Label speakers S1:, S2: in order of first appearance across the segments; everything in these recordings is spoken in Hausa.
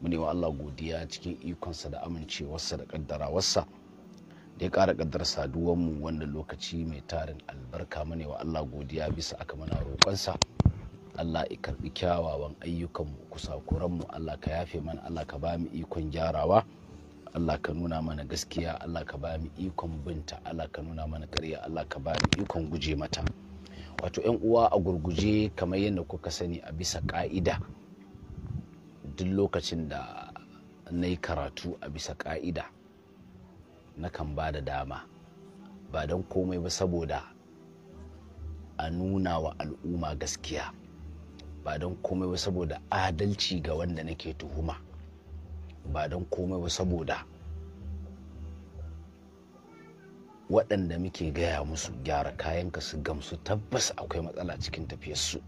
S1: mune wa Allah godiya cikin ikonsa da amincewarsa da kaddarawarsa da ya kara kaddar saduwanmu wannan lokaci mai tarin albarka mune wa Allah godiya bisa aka mana roƙonsa Allah ya karɓi kyawawan ayyukanmu kusakuranmu Allah ka yafe mana Allah ka ba mu ikon gyarawa Allah ka nuna mana gaskiya Allah ka ba mu ikon binta Allah ka nuna mana ƙarya Allah ka ba mu ikon guje mata wato 'yan uwa a gurguje kamar yadda kuka sani a bisa ƙa'ida duk lokacin da na yi karatu a bisa ka'ida na kan ba da dama ba don komai ba saboda a nuna wa al'umma gaskiya ba don komai ba saboda adalci ga wanda nake tuhuma ba don komai ba saboda waɗanda muke gaya musu gyara kayanka su gamsu tabbas akwai matsala cikin tafiyarsu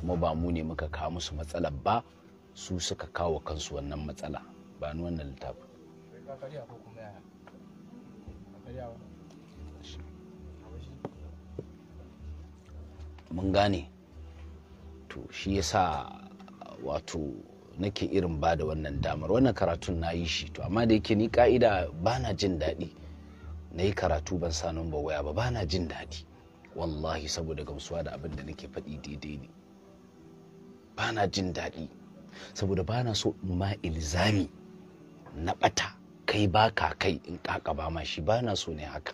S1: kuma ba mu ne muka kawo musu matsalar ba su suka kawo kansu wannan matsala ba ni wannan littafin mun gane to shi yasa wato nake irin ba da wannan damar wannan karatun na yi shi to amma da yake ni ka'ida ba na jin daɗi na yi karatu ban sa nan ba waya ba ba na jin daɗi wallahi saboda gamsuwa da abin da nake faɗi daidai ne ba na jin daɗi saboda ba na so in ma ilzami na bata kai ba ka kai in kaka ba ma shi ba na so ne haka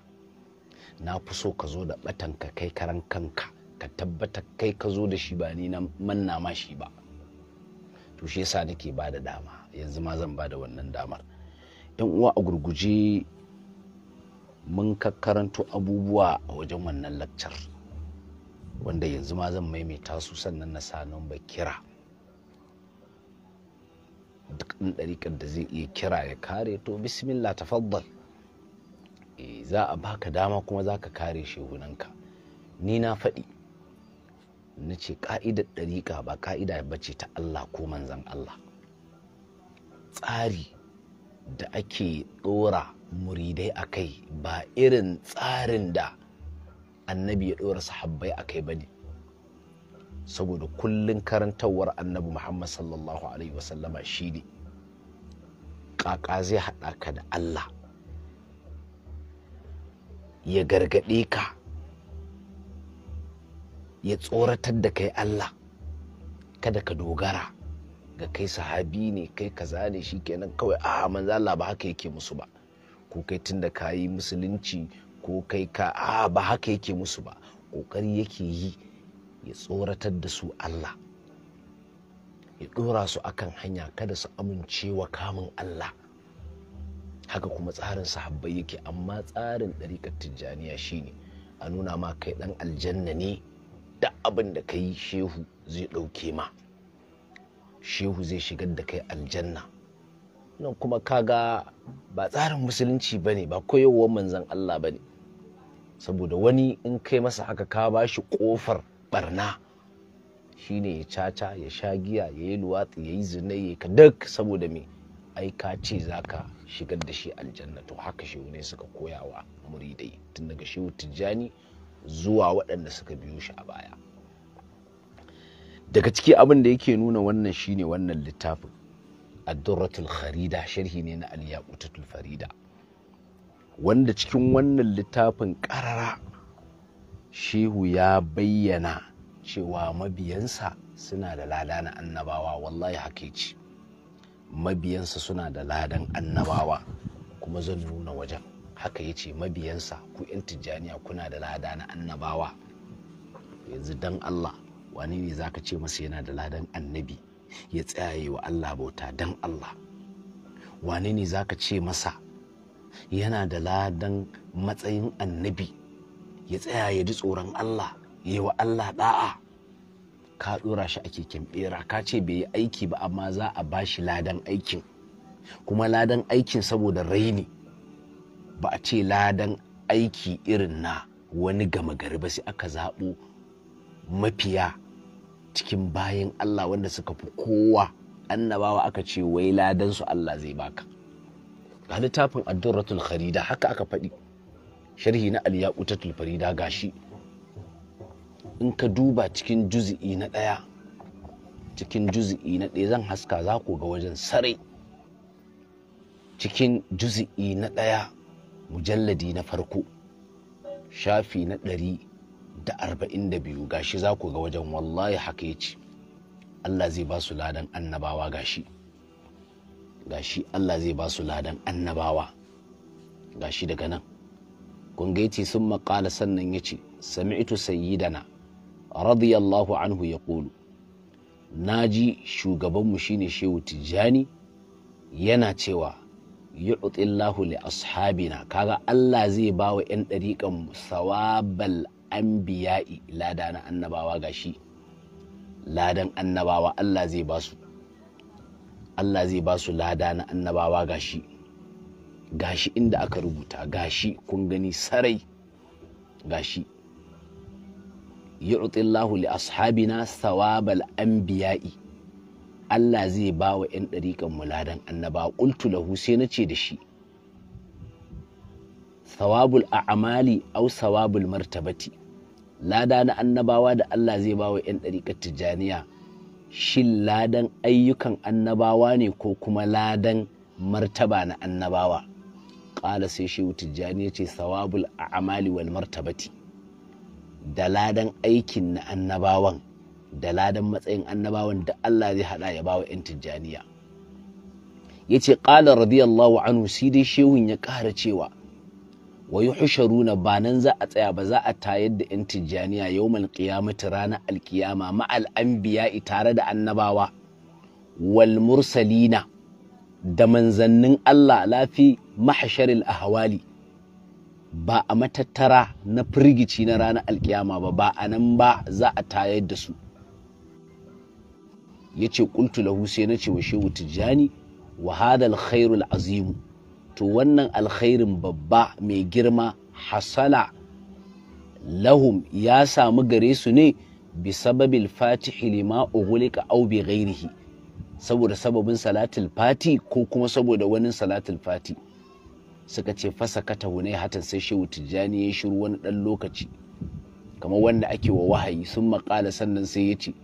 S1: na fi so ka zo da batan ka kai karan kanka ka tabbata kai ka zo da shi ba ni na manna ma shi ba to shi yasa nake ba da dama yanzu ma zan ba da wannan damar yan uwa a gurguje mun karanto abubuwa a wajen wannan lakcar wanda yanzu ma zan maimaita su sannan na sa nan kira duk ɗin ɗariƙar da zai iya kira ya kare to bismillah tafaddal eh, za a baka dama kuma za ka kare shehunanka ni na faɗi na ce ƙa'idar ɗariƙa ba ƙa'ida ba ce ta Allah ko manzan Allah tsari da ake ɗora muridai a kai ba irin tsarin da annabi ya ɗora sahabbai a kai ba ne saboda kullun karantarwar annabi muhammad sallallahu alaihi wasallama shi ne ƙaƙa zai haɗa ka da allah ya gargaɗe ka ya tsoratar da kai allah kada ka dogara ga kai sahabi ne kai kaza ne shi kenan kawai a manza allah ba haka yake musu ba ko kai tun da ka yi musulunci ko kai ka a ba haka yake musu ba ƙoƙari yake yi ya tsoratar da su Allah ya ɗora su akan hanya kada su amince wa kamun Allah haka kuma tsarin sahabbai yake amma tsarin ɗariƙar tijjaniya shine a nuna ma kai ɗan aljanna ne da abin da ka yi shehu zai ɗauke ma shehu zai shigar da kai aljanna nan kuma kaga ba tsarin musulunci ba ne ba koyowar manzan Allah ba ne saboda wani in kai masa haka ka ba shi ƙofar barna shine ya caca ya sha giya ya yi luwatsi ya yi zina ya ka duk saboda me ai ka ce za ka shigar da shi aljanna to haka shi ne suka koya wa muridai tun daga shi tijjani zuwa waɗanda suka biyo shi a baya daga ciki abinda yake nuna wannan shi ne wannan littafin addurratul kharida sharhi ne na ututul farida wanda cikin wannan littafin ƙarara shehu ya bayyana cewa mabiyansa suna da lada na annabawa wallahi hakeci mabiyansa suna da ladan annabawa kuma zan nuna wajen haka ya ce mabiyansa ku 'yan tijjaniya kuna da lada na annabawa yanzu dan Allah wani ne za ka ce masa yana da ladan annabi ya tsaye wa Allah bauta dan Allah wani ne za ka ce masa yana da ladan matsayin annabi ya tsaya ya ji tsoron Allah yi wa Allah da'a ka dora shi a keken bera ka ce bai yi aiki ba amma za a ba shi ladan aikin kuma ladan aikin saboda raini ba a ce ladan aiki irin na wani gama gari ba sai aka zaɓo mafiya cikin bayan Allah wanda suka fi kowa annabawa aka ce wai Ladansu Allah zai baka ga littafin addu'ratul kharida haka aka faɗi sharhi na ta tulfarida gashi in ka duba cikin juzi'i na ɗaya cikin juzi'i na ɗaya zan haska za ku ga wajen sarai cikin juzi'i na ɗaya mujalladi na farko shafi na ɗari da arba'in da biyu gashi za ku ga wajen wallahi haka ya ce Allah zai ba su ladan annabawa gashi gashi Allah zai ba su ladan annabawa gashi daga nan kungaiti sun maƙala sannan ya ce sami'tu sayyidana radiyallahu anhu ya kulu na ji shugabanmu shine shehu tijjani yana cewa yu'tillahu li ashabina kaga Allah zai ba wa 'yan ɗariƙan sawabal anbiya'i lada na annabawa gashi ladan annabawa Allah zai ba su Allah lada na annabawa gashi gashi inda aka rubuta gashi kun gani sarai gashi yu'tillahu li ashabina sawabal anbiya'i Allah zai ba wa 'yan ɗariƙan muladan annaba ƙultu lahu sai na ce da shi sawabul amali au sawabul martabati lada na annabawa da Allah zai ba wa 'yan ɗariƙar tijjaniya shin ladan ayyukan annabawa ne ko kuma ladan martaba na annabawa ƙala sai shehu tijjani ya ce sawabul a'mali wal martabati da ladan aikin na annabawan da ladan matsayin annabawan da Allah zai hada ya bawa 'yan tijjaniya ya ce ƙala radiyallahu anhu sai dai shehun ya kara cewa wa yi husharuna ba nan za a tsaya ba za a tayar da 'yan tijjaniya yau qiyamati ranar alkiyama ma'al anbiya tare da annabawa wal mursalina da manzannin Allah lafi mahasharil ahawali ba a matattara na firgici na ranar alkiyama ba ba a nan ba za a tayar da su ya ce ƙultu lahu sai na ce wa shehu tijjani wa hadal khairul azimu to wannan alkhairin babba mai girma hasala lahum ya samu gare su ne bi sababil fatihi lima ughliqa aw bi ghairihi saboda sababin salatul fati ko kuma saboda wani salatul fati suka ce fasa kata ne hatan sai shehu tijjani ya shiru wani ɗan lokaci kamar wanda ake wa wahayi sun maƙala sannan sai ya ce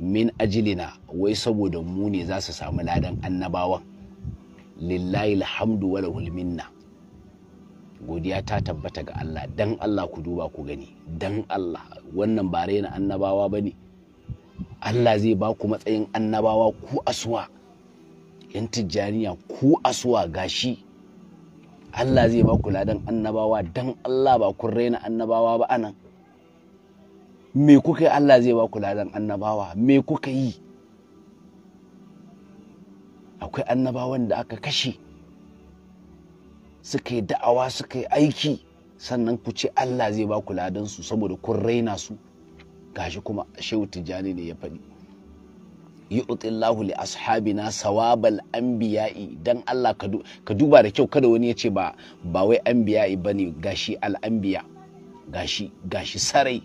S1: min ajilina wai saboda mu ne za su samu ladan annabawan lillahi alhamdu wa lahul minna godiya ta tabbata ga Allah dan Allah ku duba ku gani dan Allah wannan ba raina annabawa ba Allah zai ba ku matsayin annabawa ku asuwa yan tijjaniya ku asuwa gashi Allah zai ba ku ladan annabawa dan Allah ba kun raina annabawa ba anan me kuka yi Allah zai ba ku ladan annabawa me kuka yi akwai annabawan da aka kashe suka yi da'awa suka yi aiki sannan ku ce Allah zai ba ku su saboda kun raina su gashi kuma shehu tijjani ne ya faɗi yu'tillahu li ashabina sawabal anbiya'i dan Allah ka duba da kyau kada wani ya ce ba ba wai anbiya'i bane gashi al anbiya gashi gashi sarai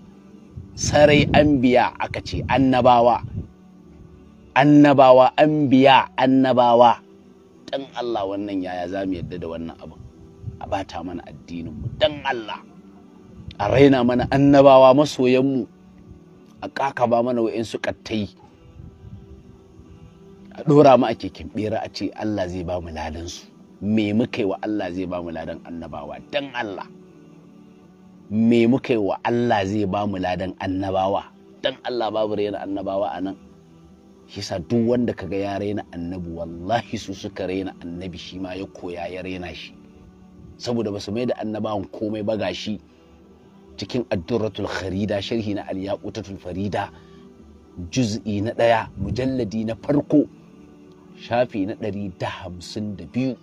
S1: sarai anbiya aka ce annabawa annabawa anbiya annabawa dan Allah wannan yaya za mu yadda da wannan abin a bata mana addinin mu dan Allah a raina mana annabawa masoyanmu mu a ba mana wa'insu kattai a ɗora mu a keken bera a ce Allah zai ba mu ladan su me muka yi wa Allah zai ba mu ladan annabawa dan Allah me muka yi wa Allah zai ba mu ladan annabawa dan Allah babu raina annabawa a nan hisa duk wanda kaga ya raina annabi wallahi su suka raina annabi shi ma ya koya ya raina shi saboda ba su mai da annabawan komai ba shi cikin addurratul kharida sharhi na al-yaqutatul farida juz'i na ɗaya mujalladi na farko shafi na ɗari da hamsin da biyu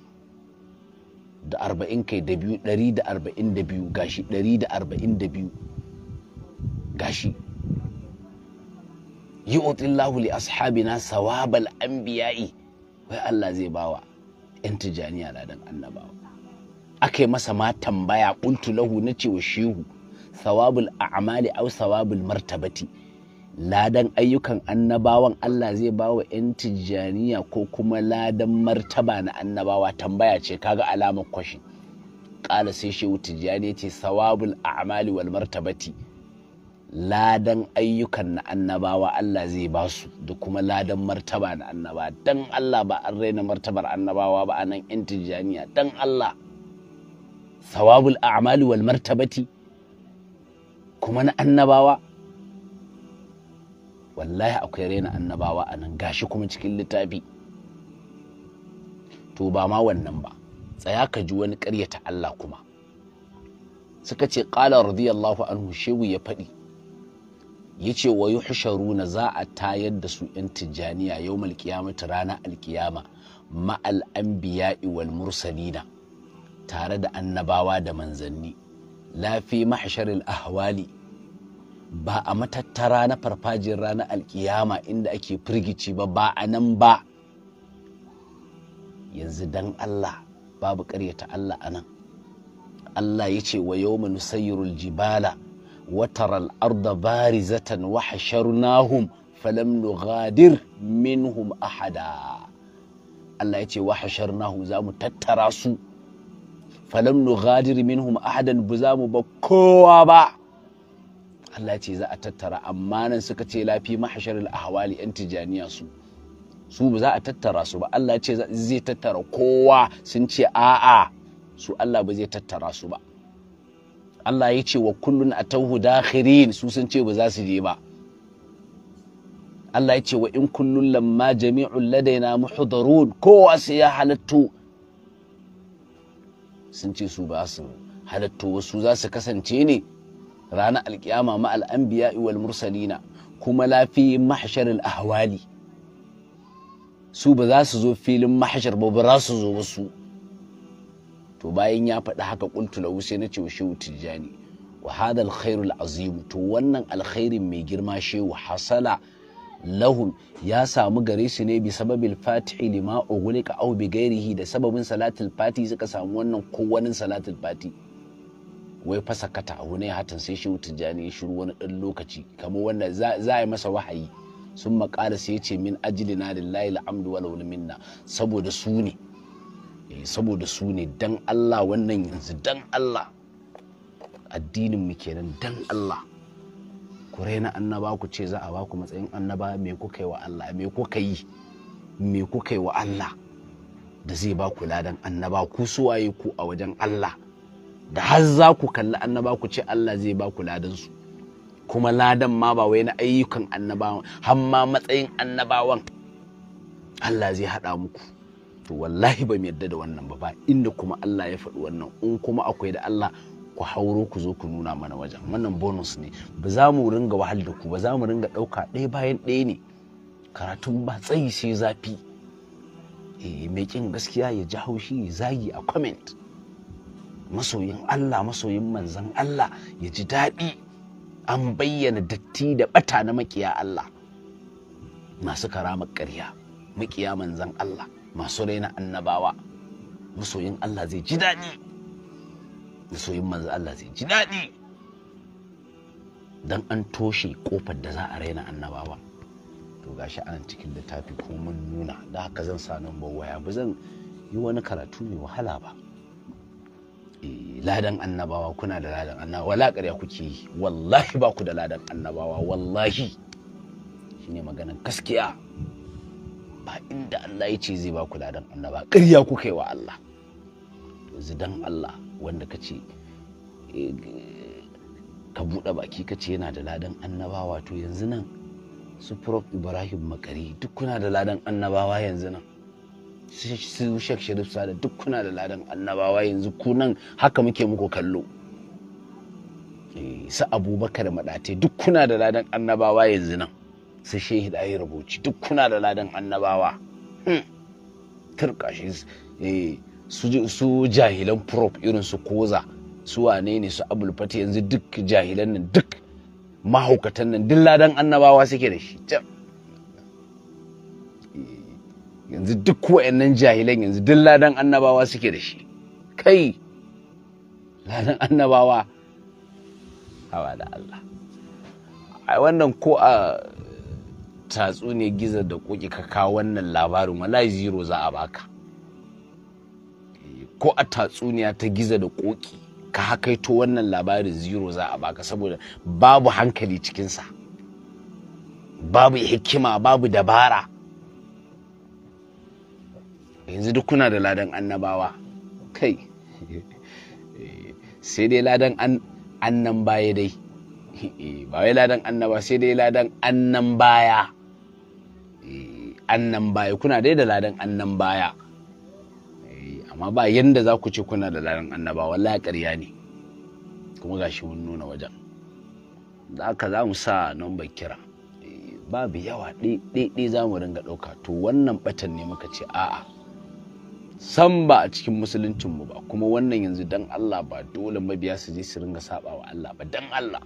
S1: da arba'in kai da biyu ɗari da arba'in da biyu gashi ɗari da arba'in da biyu gashi yi otillahu li na sawabal anbiya'i wai Allah zai bawa yan tijaniya ladan annabawa aka yi masa ma tambaya ƙuntu lahu na cewa shehu sawabul a'mali au sawabul martabati ladan ayyukan annabawan Allah zai ba wa 'yan tijjaniya ko kuma ladan martaba na annabawa tambaya ce kaga alamar kwashi ƙala sai shehu tijjani ce sawabul a'mali wal martabati ladan ayyukan na annabawa Allah zai ba su da kuma ladan martaba na annaba dan Allah ba an raina martabar annabawa ba a nan 'yan tijjaniya dan Allah sawabul a'mali wal martabati kuma na annabawa wallahi akwai raina annabawa a nan gashi kuma cikin littafi to ba ma wannan ba tsaya ka ji wani ƙaryata Allah kuma suka ce ƙala radiyallahu anhu shehu ya faɗi ya ce wa na za a tayar da su ‘yan tijjaniya yau malkiyamata ranar alkiyama ma'al anbiya'i wal mursalina tare da annabawa da manzanni lafi mahsharil ahwali ba a matattara na farfajin ranar alkiyama inda ake firgici ba ba a nan ba yanzu dan Allah babu ƙaryata Allah a nan Allah ya ce wa yau nusayyirul jibala wataral arda barizatan wa hasharnahum falam nughadir minhum ahada Allah ya ce wa za mu tattara su falam nughadir minhum ahadan bu za mu ba kowa ba Allah ce za a tattara amma nan suka ce lafi mahasharil ahwali yan tijaniya su su ba za a tattara su ba Allah ce zai tattara kowa sun ce a'a su Allah ba zai tattara su ba Allah ya ce wa kullun atawhu dakhirin su sun ce ba za su je ba Allah ya ce wa in kullun lamma jami'un ladaina muhdarun kowa sai ya halattu sun ce su ba su halattu wasu za su kasance ne ranar alkiyama ma al'anbiya wal mursalina kuma lafi mahsharil ahwali su ba za su zo filin mahshar ba ba su zo ba su to bayan ya faɗi haka qultu sai na ce wa shehu tijjani wa hadha alkhairul azim to wannan alkhairin mai girma shehu hasala lahum ya samu gare su ne bi sababil fatihi lima ugulika aw bi ghairihi da sababin salatul fati suka samu wannan kowanin salatul fati wai fasa kata a wani hatan sai shi tijjani ya shiru wani ɗan lokaci kamar wannan za a yi masa wahayi sun makara sai ce min ajilina lillahi wa launin minna saboda su ne eh, saboda su ne dan Allah wannan yanzu dan Allah addinin mu kenan dan Allah ku na annaba ku ce za a ba ku matsayin annaba me kuka yi wa Allah me kuka yi me kuka yi wa Allah da zai ba ku ladan annaba ku suwaye ku a wajen Allah da har za ku kalli annaba ku ce Allah zai ba ku su? kuma ladan ma ba wai na ayyukan annabawan har ma matsayin annabawan Allah zai haɗa muku to wallahi ba mu yarda da wannan ba ba inda kuma Allah ya faɗi wannan in kuma akwai da Allah ku hauro ku zo ku nuna mana wajen wannan bonus ne ba za mu ringa wahal da ku ba za mu ringa ɗauka ɗaya bayan ɗaya ne karatun ba tsayi sai zafi eh mai kin gaskiya ya ji haushi zagi a comment masoyin Allah masoyin manzan Allah ya ji daɗi an bayyana datti da ɓata na makiya Allah masu karamar ƙarya makiya manzan Allah masu raina annabawa masoyin Allah zai ji daɗi masoyin manzan Allah zai ji daɗi don an toshe ƙofar da za a raina annabawa to gashi ana cikin littafi ko mun nuna da haka zan sa nan ya ba zan yi wani karatu mai wahala ba Eh, ladan annabawa kuna da ladan annabawa wala ƙarya kuke yi wallahi ba ku da ladan annabawa wallahi Shi ne maganin gaskiya ba inda Allah ya ce zai ba ku ladan annaba ƙarya kuka kai wa Allah yanzu dan Allah wanda ka ce eh, ka buɗe baki ka ce yana da ladan annabawa to yanzu nan su prof ibrahim makari duk kuna da ladan annabawa yanzu nan su shek sharif sada duk kuna da ladan annabawa yanzu kunan haka muke muku kallo eh, su abubakar maɗate duk kuna da ladan annabawa yanzu nan su shehi da ayi rubuci duk kuna da ladan annabawa hmm. turkashi eh, su jahilan prop irin su koza su wane ne su abulfati yanzu duk jahilan nan duk mahaukatan nan duk ladan annabawa suke da shi yanzu duk wa'annan jahilan yanzu duk ladan annabawa suke da shi kai ladan annabawa hawa da Allah ai wannan ko a tatsu ne giza da koki ka kawo wannan labarin wallahi zero za a baka eh, ko a tatsuniya ta giza da koki ka hakaito wannan labarin zero za a baka saboda babu hankali cikinsa babu hikima babu dabara yanzu duk kuna da ladan annabawa kai sai dai ladan annan baya dai ba wai ladan annaba sai dai ladan annan baya annan baya kuna dai da ladan annan baya amma ba yadda za ku ce kuna da ladan annaba wallahi ƙarya ne kuma ga shi mun nuna wajen da aka za mu sa number kira babu yawa ɗaiɗai za mu ringa ɗauka to wannan batan ne muka ce a'a san ba a cikin musuluncinmu ba kuma wannan yanzu dan Allah ba dole mabiya su je su ringa saba wa Allah ba dan Allah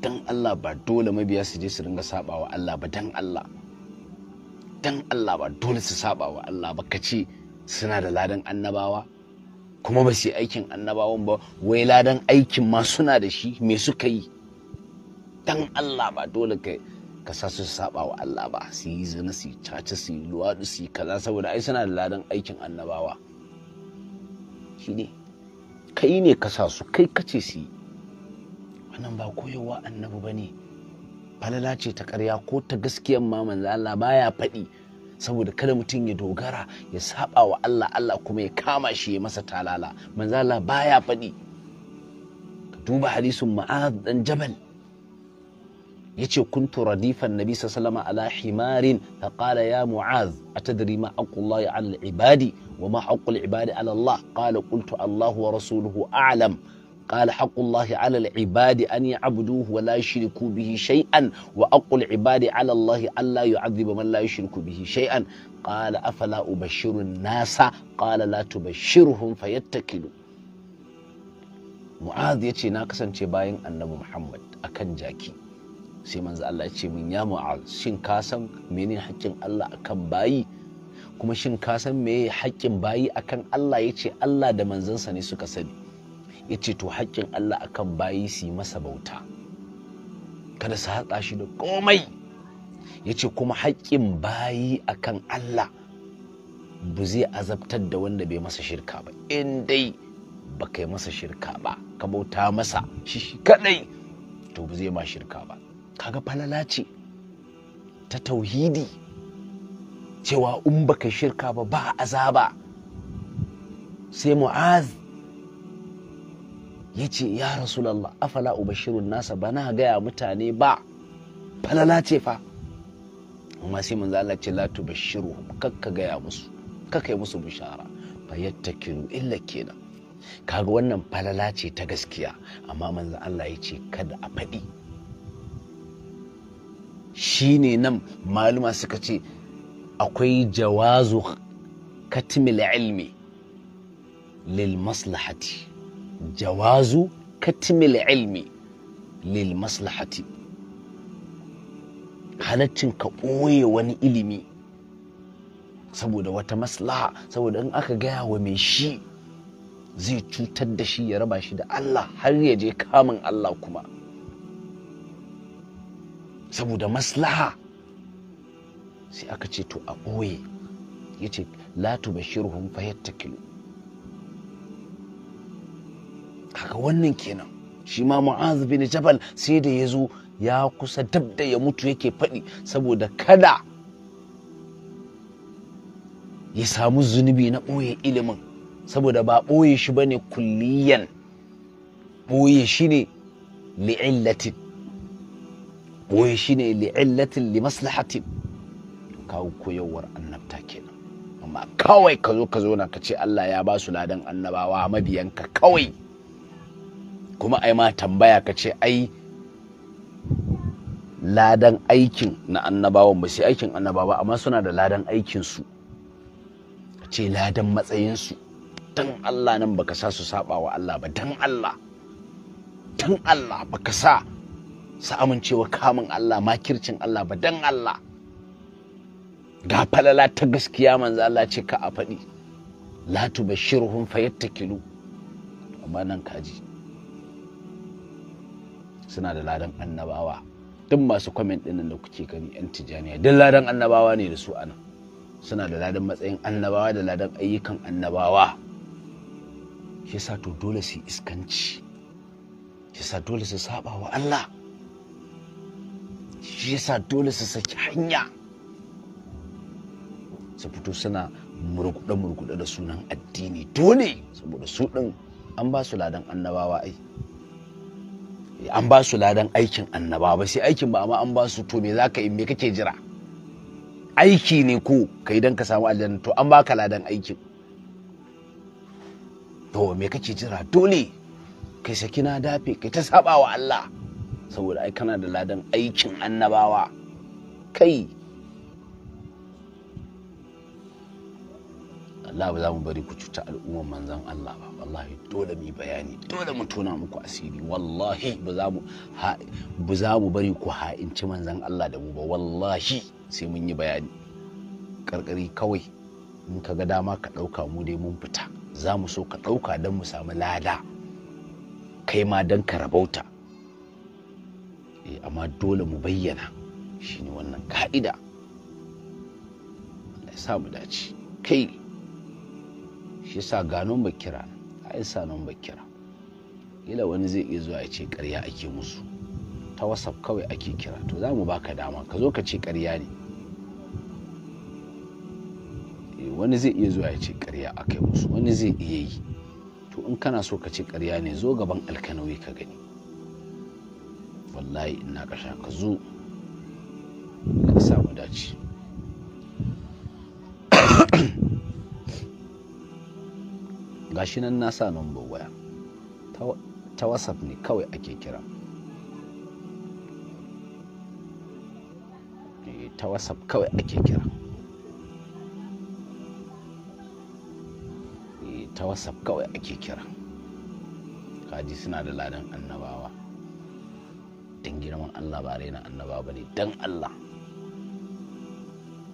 S1: dan Allah ba dole mabiya su je su ringa saba wa Allah ba dan Allah dan Allah ba dole su saba wa Allah ba kace suna da ladan annabawa kuma ba su yi aikin annabawan ba wai ladan aikin ma suna da shi me suka yi dan Allah ba dole kai ka sa su saba wa Allah ba su yi zina su yi caca su yi luwaɗu su yi kaza saboda ai suna da ladan aikin annabawa shi ne kai ne ka sa su kai kace su yi wannan ba koyowa annabi ba ne falala ce ta karya ko ta gaskiyan ma manzo Allah baya faɗi saboda kada mutum ya dogara ya saba wa Allah Allah kuma ya kama shi ya masa talala manzo Allah baya faɗi ka duba hadisin ma'az dan jabal yace ce kuntu radifan nabi sallama ala himarin ta kala ya mu'az a tadari ma aqullahi ala ibadi wa ma aqul ibadi ala allah kala allahu wa rasuluhu a'lam kala haqullahi ala ibadi an ya abuduhu wa la shirku bihi shay'an wa aqul ibadi ala allahi an la yu'adhibu man la kala afala ubashiru nasa kala latu tubashiruhum fayattakilu mu'az ya ce na kasance bayan annabi muhammad akan jaki sai manzo Allah ya ce min ya mu'az shin ka san menene haƙƙin Allah akan bayi kuma shin ka san meye haƙƙin bayi akan Allah yace Allah da manzansa ne suka sani yace to haƙƙin Allah akan bayi su yi masa bauta kada su haɗa shi da komai yace kuma haƙƙin bayi akan Allah bu zai azabtar da wanda bai masa shirka ba in dai ba kai masa shirka ba ka bauta masa shi kadai to bu zai ma shirka ba kaga falala ce ta tauhidi cewa in baka shirka ba ba azaba sai mu'az ya ce ya rasulallah afala ubashirun nasa ba na gaya mutane ba falala ce fa amma sai manzo Allah ce la tubashshiruhum kakka gaya musu kakai musu bishara fa yattakiru illa kenan kaga wannan falala ce ta gaskiya amma manzo Allah ya ce kada a faɗi shine nan maluma suka ce akwai jawazu katimil ilmi lil maslahati jawazu katimil ilmi lil maslahati halaccin ka ɓoye wani ilimi saboda wata maslaha saboda in aka gaya wa mai shi zai cutar da shi ya raba shi da Allah har ya je kamun Allah kuma saboda maslaha sai aka ce to a ɓoye ya ce latu bashirhum fayatta kilo kaga wannan kenan shi ma mu'az bin jabal sai da ya zo ya kusa dab da ya mutu yake faɗi saboda kada ya samu zunubi na ɓoye ilimin saboda ba ɓoye shi ba ne kulliyan ɓoye shi ne li'illatin wai shi ne li'illatin li maslahati kawo koyarwar annabta kenan amma kawai ka zo ka zo na ka ce Allah ya ba su ladan annabawa mabiyanka kawai kuma ai ma tambaya ka ce ai ladan aikin na annabawan ba sai aikin annabawa amma suna da ladan aikin su ce ladan matsayinsu dan Allah nan baka sa su saba wa Allah ba dan Allah dan Allah baka sa su amincewa kamun Allah makircin Allah ba dan Allah ga falala ta gaskiya manzo Allah ce ka a faɗi la tubashshirhum fayattakilu amma nan kaji suna da ladan annabawa duk masu kwamen ɗinnan da kuke gani 'yan tijaniya duk ladan annabawa ne da su anan suna da ladan matsayin annabawa da ladan ayyukan annabawa shi sa to dole su iskanci shi sa dole su saba wa Allah shi yasa dole su saki hanya su fito suna murkuɗe-murkuɗe da sunan addini dole saboda su ɗin an ba su ladan annabawa ai eh, an ba su ladan aikin annabawa sai aikin ba amma an ba su to me za ka yi me kake jira aiki ne ko ka yi don ka samu aljanna to an baka ladan aikin to me kake jira dole kai saki na dafe kai ta saba wa Allah saboda ai kana da ladan aikin annabawa kai Allah ba za mu bari ku cuta al'umman manzan Allah ba wallahi dole mu bayani dole mu tona muku asiri wallahi ba za mu ba za mu bari ku ha'inci manzan Allah da mu ba wallahi sai mun yi bayani karkari kawai in ka ga dama ka ɗauka mu dai mun fita za mu so ka ɗauka don mu samu lada kai ma don ka rabauta Eh, amma dole mu bayyana shi ne wannan ka'ida Allah ya sa mu dace kai shi sa ganon bakira sa sanon bakira ila wani zai iya zuwa ya ce karya ake musu ta wasaf kawai ake kira to za mu baka dama ka zo ka ce karya ne eh, wani zai iya zuwa ya ce karya ake musu wani zai iya yi to in kana so ka ce karya ne zo gaban alkanawi ka gani wallahi ina kasha ka zo ka samu dace gashi nan na sa number waya ta whatsapp ne kawai ake kira eh, ta whatsapp kawai ake kira eh, ta whatsapp kawai ake kira kaji suna da ladan annabawa don girman Allah ba raina annaba ba ne don Allah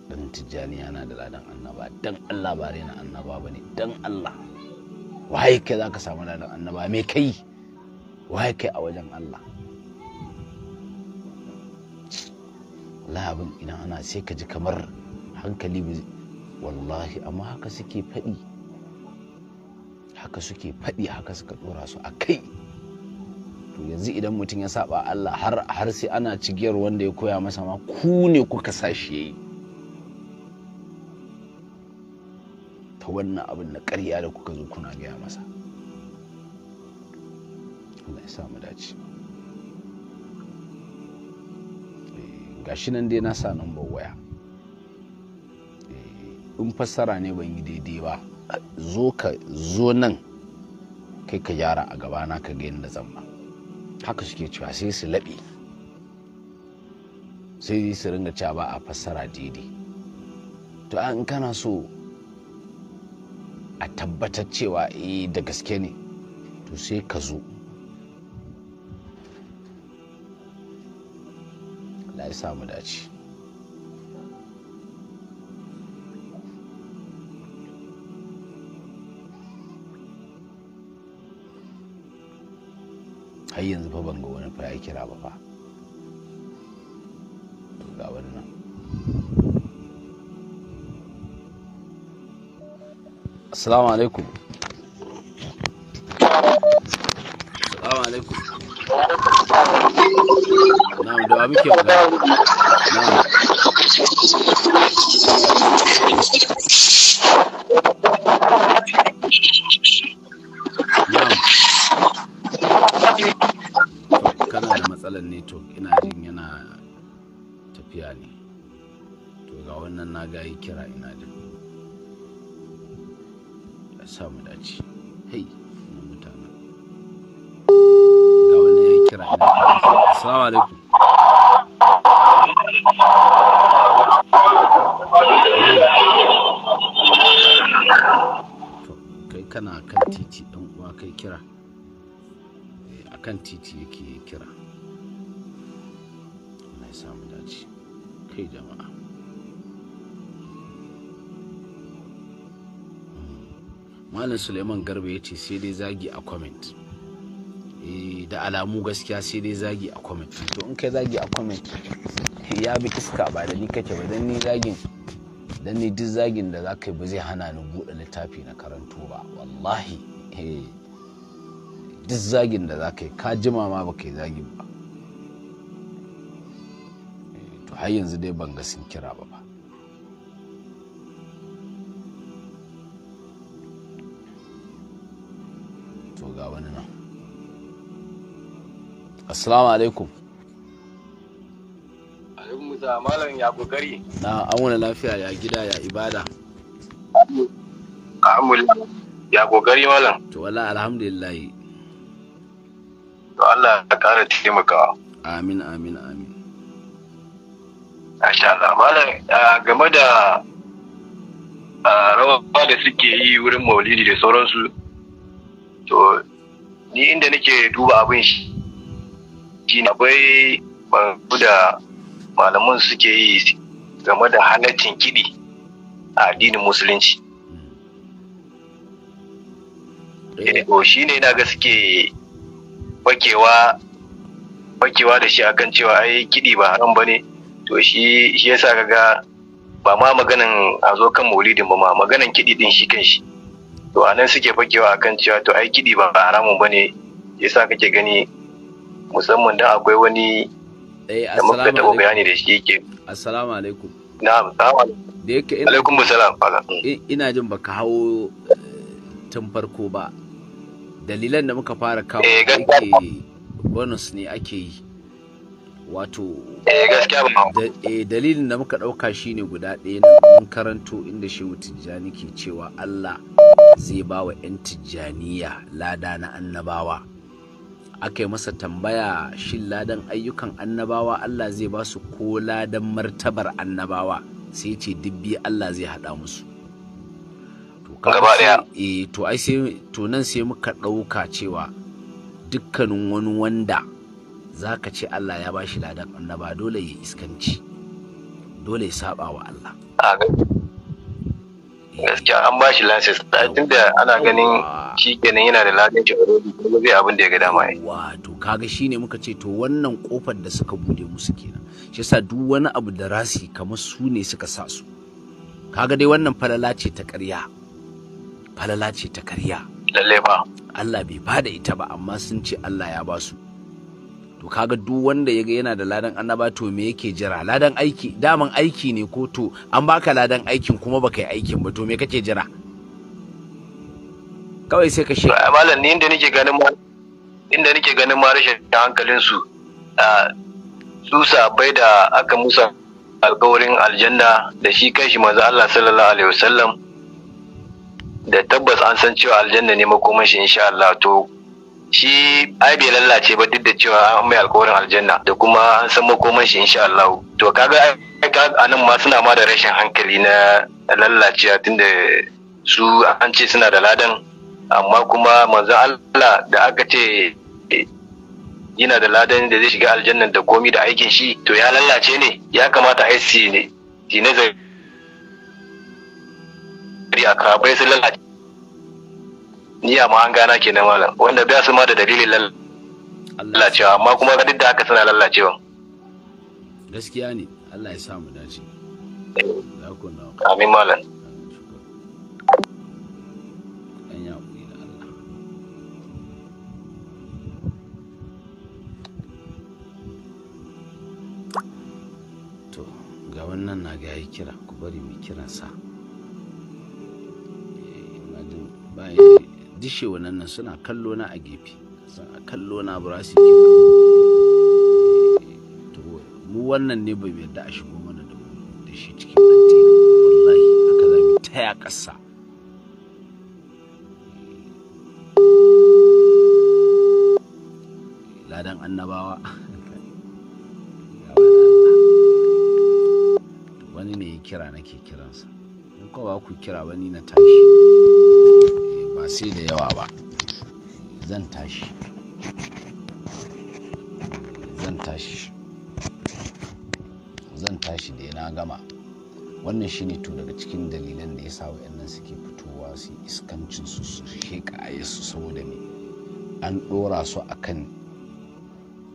S1: dan tijjani yana da ladan annaba don Allah ba raina annaba ba ne don Allah waye kai za ka samu ladan annaba me kai waye kai a wajen Allah labin ina ana sai ka ji kamar hankali wallahi amma haka suke faɗi haka suke faɗi haka suka ɗora su a kai to yanzu idan mutum ya saba Allah har har sai ana cigiyar wanda ya koya masa ma ku ne kuka sashi yayi ta wannan abin na ƙarya da kuka zo kuna gaya masa Allah ya sa mu dace eh, gashi nan dai na sa number waya eh, in fassara ne ban yi daidai ba zo ka zo nan kai ka gyara a gabana ka ga yanda zan ba haka suke cewa sai su laɓe sai su ringa cewa ba a fassara daidai to an kana so a tabbatar cewa eh da gaske ne to sai ka zo Allah ya dace har yanzu fa ban ga wani fa ya kira ba fa to ga wannan assalamu alaikum assalamu alaikum na'am da muke magana na'am network ina jin yana tafiya ne to ga wannan na ga yi kira ina jin ya samu dace hey na mutane ga wannan ya kira ina assalamu alaikum kai kana kan titi ɗan uwa kai kira eh, akan titi yake kira Allah samu dace kai jama'a hmm. malam suleiman garba ya ce sai dai zagi a comment eh, da alamu gaskiya sai dai zagi a comment to in kai zagi a comment ya bi iska ba da ni kake ba dan ni zagin dan ni duk zagin da zaka yi ba zai hana ni buɗe littafi na karanto ba wallahi eh, duk zagin da zaka yi ka jima ma ba yi zagin ba har yanzu dai ban ga sun kira ba ba
S2: to ga wani nan assalamu alaikum Musa malam ya kokari. Na
S1: an wani lafiya ya gida ya ibada.
S2: ya kokari malam. To wala alhamdulillah. To Allah ya kara taimakawa. Amin amin amin. Masha Allah, game da rawa da suke yi wurin maulidi da sauransu, to ni inda nake duba abin shi na bai da malaman suke yi game da halaccin kiɗi a addinin musulunci. Eh, to shi ne na suke bakewa bakewa da shi akan cewa ai kiɗi ba haram ba ne. to shi shi yasa kaga ba ma maganan a zo kan maulidin ba ma maganan kiɗi din shi kan shi to a nan suke fakewa akan cewa to ai kiɗi ba haramun ba ne yasa kake gani musamman dan akwai wani eh, da muka taɓa bayani da shi yake
S1: assalamu alaikum
S2: na'am da yake alaikum salam mm.
S1: ina jin baka hawo eh, tun farko ba dalilan da muka fara kawo eh, ake bonus ne ake yi wato eh, eh, dalilin da muka ɗauka shine guda ɗaya na mun karanto inda shehu tijjani ke cewa Allah zai ba wa 'yan tijjaniya lada na annabawa aka yi masa tambaya shin ladan ayyukan annabawa Allah zai ba su ko ladan martabar annabawa sai ce dubbi Allah zai haɗa musu to eh, nan sai muka ɗauka cewa dukkanin wani wanda za ka ce Allah ya ba bashi ladan annaba dole ya iskanci dole ya saba wa Allah
S2: gaskiya an ba bashi lansis tunda ana ganin shi kenan yana da ladan shi already kuma zai abin da ya ga dama yi wato
S1: kaga shine muka ce to wannan kofar da suka bude musu kenan shi yasa duk wani abu da rasi kamar su ne suka sa su kaga dai wannan falala ce ta ƙarya falala ce ta ƙarya lalle ba Allah bai bada ita ba amma sun ce Allah ya basu to kaga duk wanda yaga yana da ladan annaba to me yake jira ladan aiki daman aiki ne ko to an baka ladan aikin kuma baka yi aikin ba to me kake jira kawai sai ka shi malam
S2: ni inda nake ganin inda nake ganin ma rashin hankalin su su sabai da aka musa alkawarin aljanna da shi kai shi manzo Allah sallallahu alaihi wasallam da tabbas an san cewa aljanna ne makoman shi insha Allah to shi ai bai lallace ba duk da cewa an mai alkawarin aljanna da kuma an san makoman shi insha Allah to kaga ka nan ma suna ma da rashin hankali na lallacewa tunda su an ce suna da ladan amma kuma manzo Allah da aka ce yana da ladan da zai shiga aljannan da komi da aikin shi to ya lallace ne ya kamata a yi ne ti nazari a kabai sun lallace ma an gana kenan malam wanda ba su ma da dalilin lallacewa amma kuma duk da haka suna lallacewa
S1: gaskiya ne Allah ya samu dace amin malam wannan na ga kira ku bari mu kiransa eh, bayan dishe wannan nan suna kallo na a gefe suna kallo na ba su mu wannan ne bai yarda a shigo mana da da shi cikin addini wallahi aka zabi ta ya kasa ladan annabawa wani ne ya kira nake kiransa in kowa ku kira wani na tashi ba sai da yawa ba zan tashi zan tashi zan tashi da na gama wannan shi ne to daga cikin dalilan da ya sa wa'annan suke fitowa su iskancin su su sheka a saboda ne an ɗora su a kan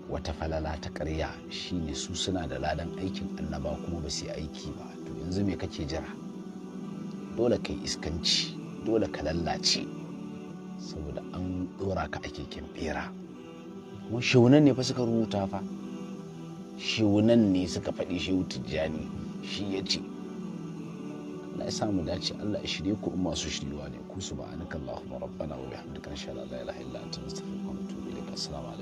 S1: wata falala ta ƙarya shine su suna da ladan aikin annaba kuma ba su yi aiki ba to yanzu me kake jira dole kai iskanci dole ka lallace saboda an dora ka ake kin fera kuma shewunan ne fa suka rubuta fa shewunan ne suka faɗi shehu tijjani shi ya ce na isa mu dace Allah ya shirye ku in masu shiriwa ne ku subhanakallahumma rabbana wa bihamdika nashhadu an la ilaha illa anta nastaghfiruka wa natubu ilaik assalamu alaikum